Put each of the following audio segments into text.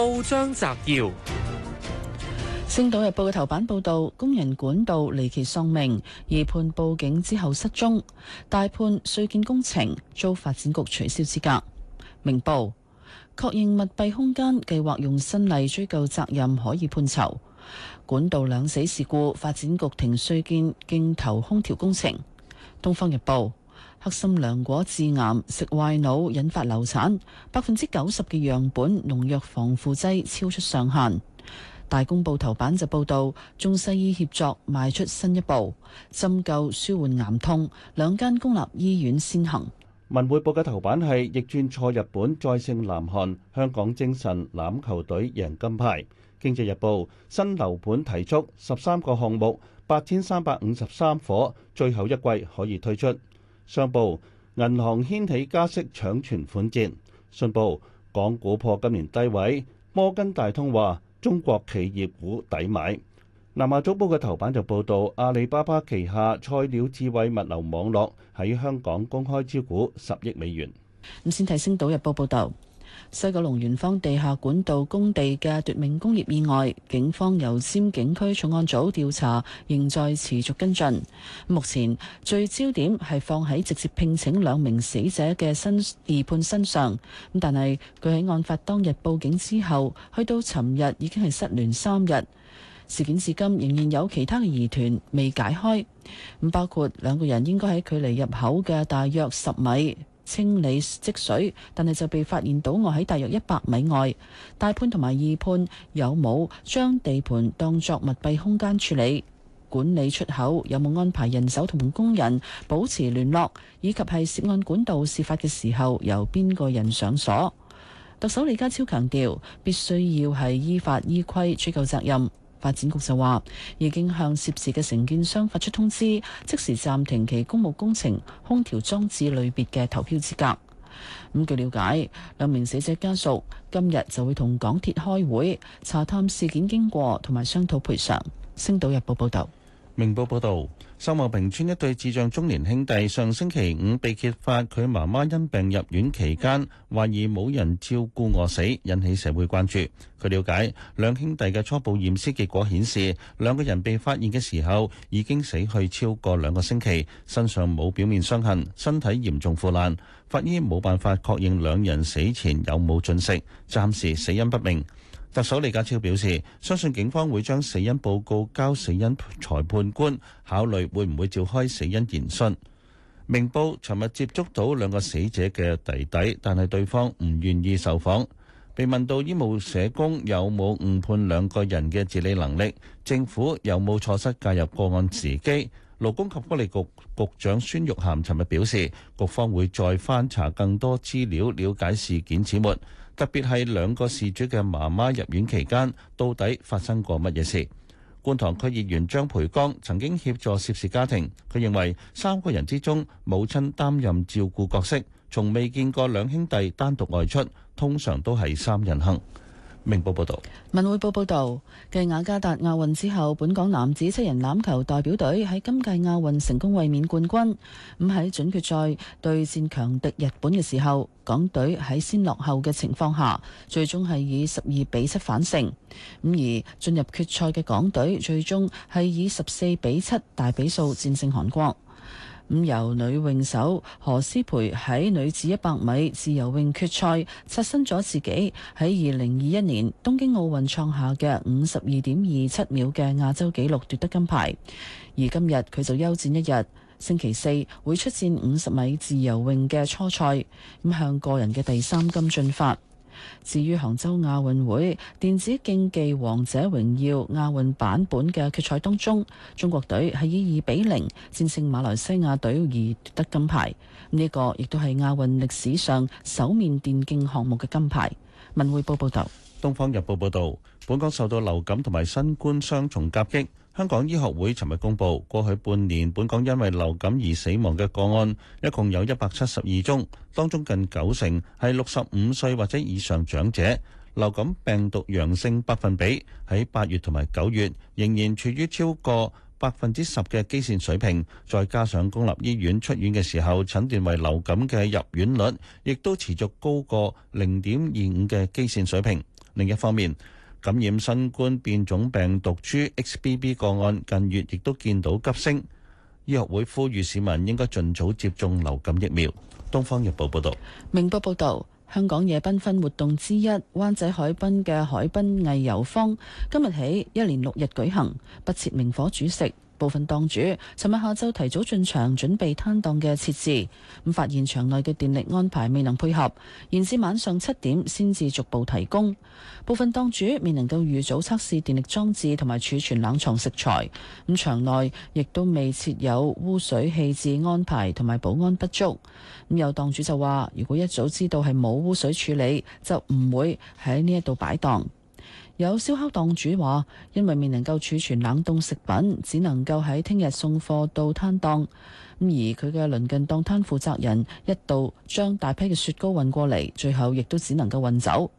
報章摘要：星島日報嘅頭版報道，工人管道離奇喪命，二判報警之後失蹤；大判續建工程遭發展局取消資格。明報確認密閉空間，計劃用新例追究責任，可以判囚。管道兩死事故，發展局停續建競投空調工程。東方日報。黑心涼果致癌，食壞腦引發流產。百分之九十嘅樣本農藥防腐劑超出上限。大公報頭版就報道中西醫協作邁出新一步，針灸舒緩癌痛。兩間公立醫院先行。文匯報嘅頭版係逆轉錯日本再勝南韓，香港精神欖球隊贏金牌。經濟日報新樓盤提速，十三個項目八千三百五十三伙，最後一季可以推出。上報銀行掀起加息搶存款戰，信報港股破今年低位。摩根大通話中國企業股抵買。南亞早報嘅頭版就報道阿里巴巴旗下菜鳥智慧物流網絡喺香港公開招股十億美元。唔先提《星島日報》報道。西九龍圓方地下管道工地嘅奪命工業意外，警方由尖警區重案組調查，仍在持續跟進。目前最焦點係放喺直接聘請兩名死者嘅二判身上。咁但係佢喺案發當日報警之後，去到尋日已經係失聯三日。事件至今仍然有其他嘅疑團未解開，咁包括兩個人應該喺距離入口嘅大約十米，清理積水，但係就被發現倒臥喺大約一百米外，大判同埋二判有冇將地盤當作密閉空間處理？管理出口有冇安排人手同工人保持聯絡？以及係涉案管道事發嘅時候，由邊個人上鎖？特首李家超強調，必須要係依法依規追究責任。發展局就話，已經向涉事嘅承建商發出通知，即時暫停其公務工程空調裝置類別嘅投標資格。咁、嗯、據了解，兩名死者家屬今日就會同港鐵開會，查探事件經過同埋商討賠償。星島日報報道。明報報導。秀茂坪村一對智障中年兄弟上星期五被揭發，佢媽媽因病入院期間，懷疑冇人照顧餓死，引起社會關注。據了解，兩兄弟嘅初步驗屍結果顯示，兩個人被發現嘅時候已經死去超過兩個星期，身上冇表面傷痕，身體嚴重腐爛，法醫冇辦法確認兩人死前有冇進食，暫時死因不明。特首李家超表示，相信警方會將死因報告交死因裁判官考慮，會唔會召開死因研訊。明報尋日接觸到兩個死者嘅弟弟，但係對方唔願意受訪。被問到醫務社工有冇誤判兩個人嘅自理能力，政府有冇錯失介入個案時機，勞工及福利局局長孫玉菡尋日表示，局方會再翻查更多資料，了解事件始末。特別係兩個事主嘅媽媽入院期間，到底發生過乜嘢事？觀塘區議員張培剛曾經協助涉事家庭，佢認為三個人之中母親擔任照顧角色，從未見過兩兄弟單獨外出，通常都係三人行。明報報道，文匯報報道，繼雅加達亞運之後，本港男子七人欖球代表隊喺今屆亞運成功衛冕冠軍。咁喺準決賽對戰強敵日本嘅時候，港隊喺先落後嘅情況下，最終係以十二比七反勝。咁而進入決賽嘅港隊，最終係以十四比七大比數戰勝韓國。咁由女泳手何詩蓓喺女子一百米自由泳決賽刷新咗自己喺二零二一年東京奧運創下嘅五十二點二七秒嘅亞洲紀錄奪得金牌，而今日佢就休戰一日，星期四會出戰五十米自由泳嘅初賽，咁向個人嘅第三金進發。至於杭州亞運會電子競技《王者榮耀》亞運版本嘅決賽當中，中國隊係以二比零戰勝馬來西亞隊而奪得金牌，呢、這個亦都係亞運歷史上首面電競項目嘅金牌。文匯報報道，東方日報報道，本港受到流感同埋新冠雙重夾擊。香港醫學會尋日公布，過去半年本港因為流感而死亡嘅個案，一共有一百七十二宗，當中近九成係六十五歲或者以上長者。流感病毒陽性百分比喺八月同埋九月仍然處於超過百分之十嘅基線水平，再加上公立醫院出院嘅時候診斷為流感嘅入院率，亦都持續高過零點二五嘅基線水平。另一方面，感染新冠變種病毒株 XBB 個案近月亦都見到急升，醫學會呼籲市民應該盡早接種流感疫苗。《東方日報》報道。《明報》報道，香港夜繽紛活動之一，灣仔海濱嘅海濱藝遊坊，今日起一連六日舉行，不設明火煮食。部分檔主尋日下晝提早進場準備攤檔嘅設置，咁發現場內嘅電力安排未能配合，延至晚上七點先至逐步提供。部分檔主未能夠預早測試電力裝置同埋儲存冷藏食材，咁場內亦都未設有污水棄置安排同埋保安不足。咁有檔主就話：如果一早知道係冇污水處理，就唔會喺呢一度擺檔。有燒烤檔主話，因為未能夠儲存冷凍食品，只能夠喺聽日送貨到攤檔。咁而佢嘅鄰近檔攤負責人一度將大批嘅雪糕運過嚟，最後亦都只能夠運走。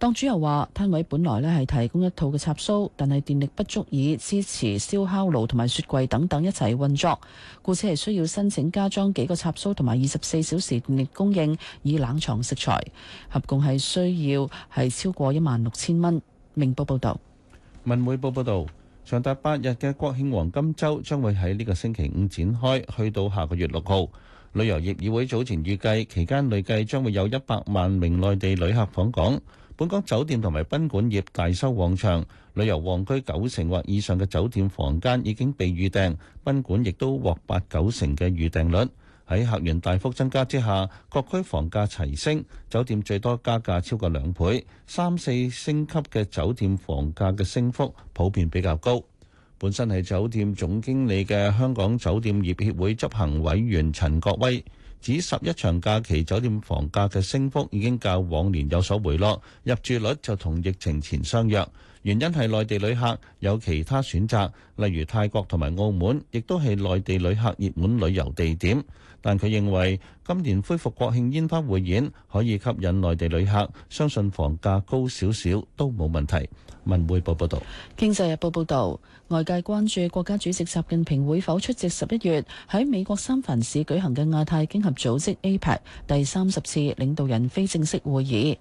檔主又話，攤位本來呢係提供一套嘅插蘇，但係電力不足以支持燒烤爐同埋雪櫃等等一齊運作，故此係需要申請加裝幾個插蘇同埋二十四小時電力供應以冷藏食材，合共係需要係超過一萬六千蚊。明報報道，文匯報報道，長達八日嘅國慶黃金周將會喺呢個星期五展開，去到下個月六號。旅遊業議會早前預計，期間累計將會有一百萬名內地旅客訪港。本港酒店同埋賓館業大收旺場，旅遊旺區九成或以上嘅酒店房間已經被預訂，賓館亦都獲八九成嘅預訂率。喺客源大幅增加之下，各區房價齊升，酒店最多加價超過兩倍，三四星級嘅酒店房價嘅升幅普遍比較高。本身係酒店總經理嘅香港酒店業協會執行委員陳國威指，十一長假期酒店房價嘅升幅已經較往年有所回落，入住率就同疫情前相若。原因係內地旅客有其他選擇，例如泰國同埋澳門，亦都係內地旅客熱門旅遊地點。但佢認為今年恢復國慶煙花匯演可以吸引內地旅客，相信房價高少少都冇問題。文匯報報道，《經濟日報》報道，外界關注國家主席習近平會否出席十一月喺美國三藩市舉行嘅亞太經合組織 APEC 第三十次領導人非正式會議。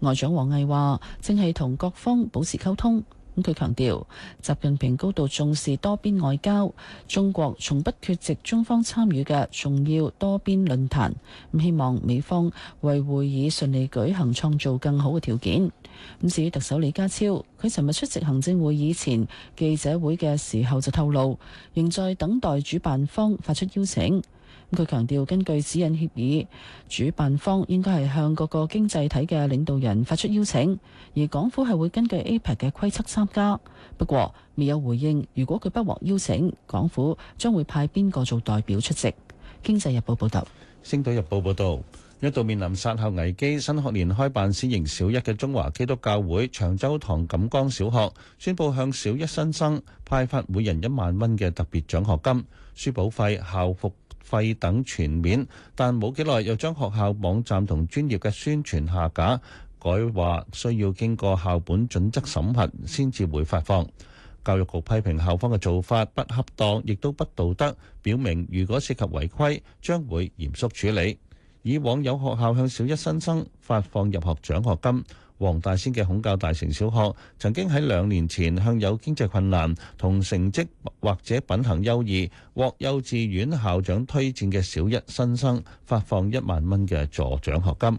外長王毅話：正係同各方保持溝通。咁佢強調，習近平高度重視多邊外交，中國從不缺席中方參與嘅重要多邊論壇。咁希望美方為會議順利舉行創造更好嘅條件。咁至於特首李家超，佢尋日出席行政會議前記者會嘅時候就透露，仍在等待主辦方發出邀請。佢強調，強調根據指引協議，主辦方應該係向各個經濟體嘅領導人發出邀請，而港府係會根據 APEC 嘅規則參加。不過未有回應，如果佢不獲邀請，港府將會派邊個做代表出席？經濟日報報道。星島日報報道，一度面臨殺校危機，新學年開辦先型小一嘅中華基督教會長洲堂錦江小學，宣布向小一新生派發每人一萬蚊嘅特別獎學金、書簿費、校服、費等全面，但冇幾耐又將學校網站同專業嘅宣傳下架，改話需要經過校本準則審核先至會發放。教育局批評校方嘅做法不恰當，亦都不道德，表明如果涉及違規，將會嚴肅處理。以往有學校向小一新生，生發放入學獎學金。黃大仙嘅孔教大成小學曾經喺兩年前向有經濟困難同成績或者品行優異獲幼稚園校長推薦嘅小一新生發放一萬蚊嘅助獎學金。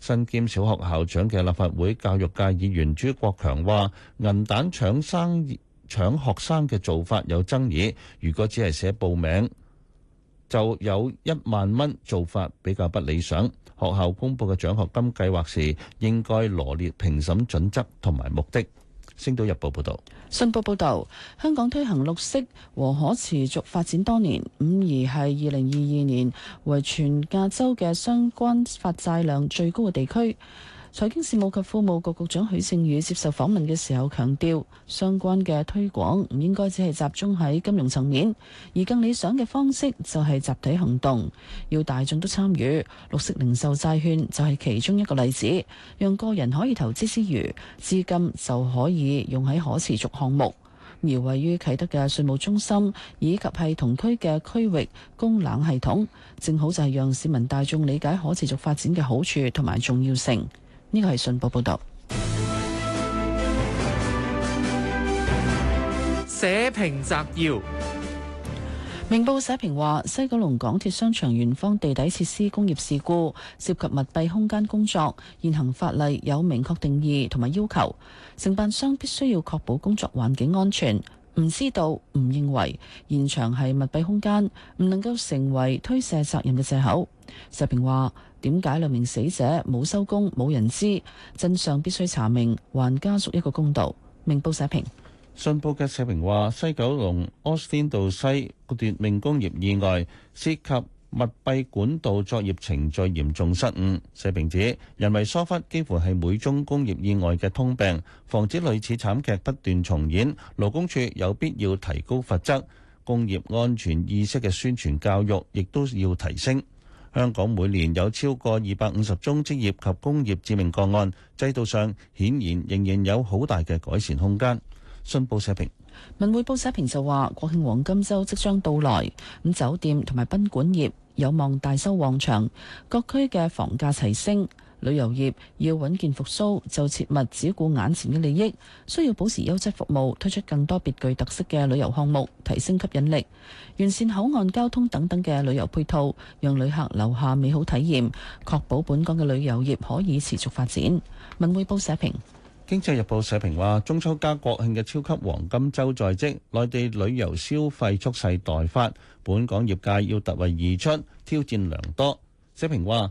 身兼小學校長嘅立法會教育界議員朱國強話：銀彈搶生搶學生嘅做法有爭議，如果只係寫報名。就有一萬蚊做法比較不理想。學校公布嘅獎學金計劃時，應該羅列評審準則同埋目的。星島日報報道：「信報報道，香港推行綠色和可持續發展多年，五二係二零二二年為全亞洲嘅相關發債量最高嘅地區。財經事務及庫務局局長許正宇接受訪問嘅時候強調，相關嘅推廣唔應該只係集中喺金融層面，而更理想嘅方式就係集體行動，要大眾都參與。綠色零售債券就係其中一個例子，讓個人可以投資之餘，資金就可以用喺可持續項目。而位於啟德嘅稅務中心以及係同區嘅區域供冷系統，正好就係讓市民大眾理解可持續發展嘅好處同埋重要性。呢個係信報報道。社評摘要：明報社評話，西九龍港鐵商場圓方地底設施工業事故，涉及密閉空間工作，現行法例有明確定義同埋要求，承辦商必須要確保工作環境安全。唔知道，唔認為現場係密閉空間，唔能夠成為推卸責任嘅借口。社評話。點解兩名死者冇收工冇人知？真相必須查明，還家屬一個公道。明報社評，信報嘅社評話：西九龍 Austin 道西個奪命工業意外，涉及密閉管道作業程序嚴重失誤。社評指人為疏忽幾乎係每宗工業意外嘅通病，防止類似慘劇不斷重演，勞工處有必要提高罰則、工業安全意識嘅宣傳教育，亦都要提升。香港每年有超過二百五十宗職業及工業致命個案，制度上顯然仍然有好大嘅改善空間。信報社評，文匯報社評就話：國慶黃金週即將到來，咁酒店同埋賓館業有望大收旺場，各區嘅房價齊升。旅遊業要穩健復甦，就切勿只顧眼前嘅利益，需要保持優質服務，推出更多別具特色嘅旅遊項目，提升吸引力，完善口岸交通等等嘅旅遊配套，讓旅客留下美好體驗，確保本港嘅旅遊業可以持續發展。文匯報社評，《經濟日報》社評話：中秋加國慶嘅超級黃金週在即，內地旅遊消費蓄勢待發，本港業界要突圍而出，挑戰良多。社評話。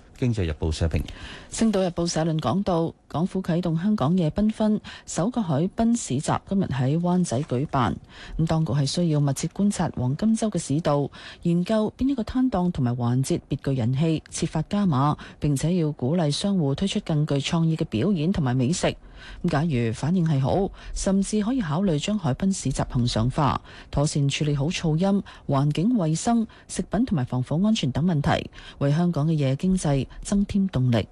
《經濟日報》社評，《星島日報》社論講到，港府啟動「香港夜繽紛」，首個海濱市集今日喺灣仔舉辦。咁當局係需要密切觀察黃金週嘅市道，研究邊一個攤檔同埋環節別具人氣，設法加碼，並且要鼓勵商戶推出更具創意嘅表演同埋美食。咁假如反應係好，甚至可以考慮將海濱市集恆常化，妥善處理好噪音、環境衛生、食品同埋防火安全等問題，為香港嘅夜，夜經濟增添動力。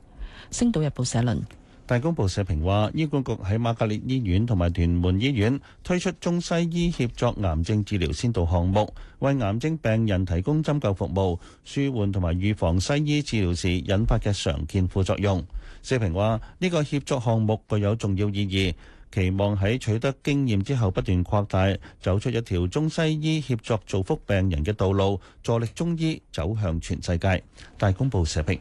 星島日報社論。大公報社評話，醫管局喺瑪嘉烈醫院同埋屯門醫院推出中西醫協作癌症治療先導項目，為癌症病人提供針灸服務，舒緩同埋預防西醫治療時引發嘅常見副作用。社評話呢個協作項目具有重要意義，期望喺取得經驗之後不斷擴大，走出一條中西醫協作造福病人嘅道路，助力中醫走向全世界。大公報社評。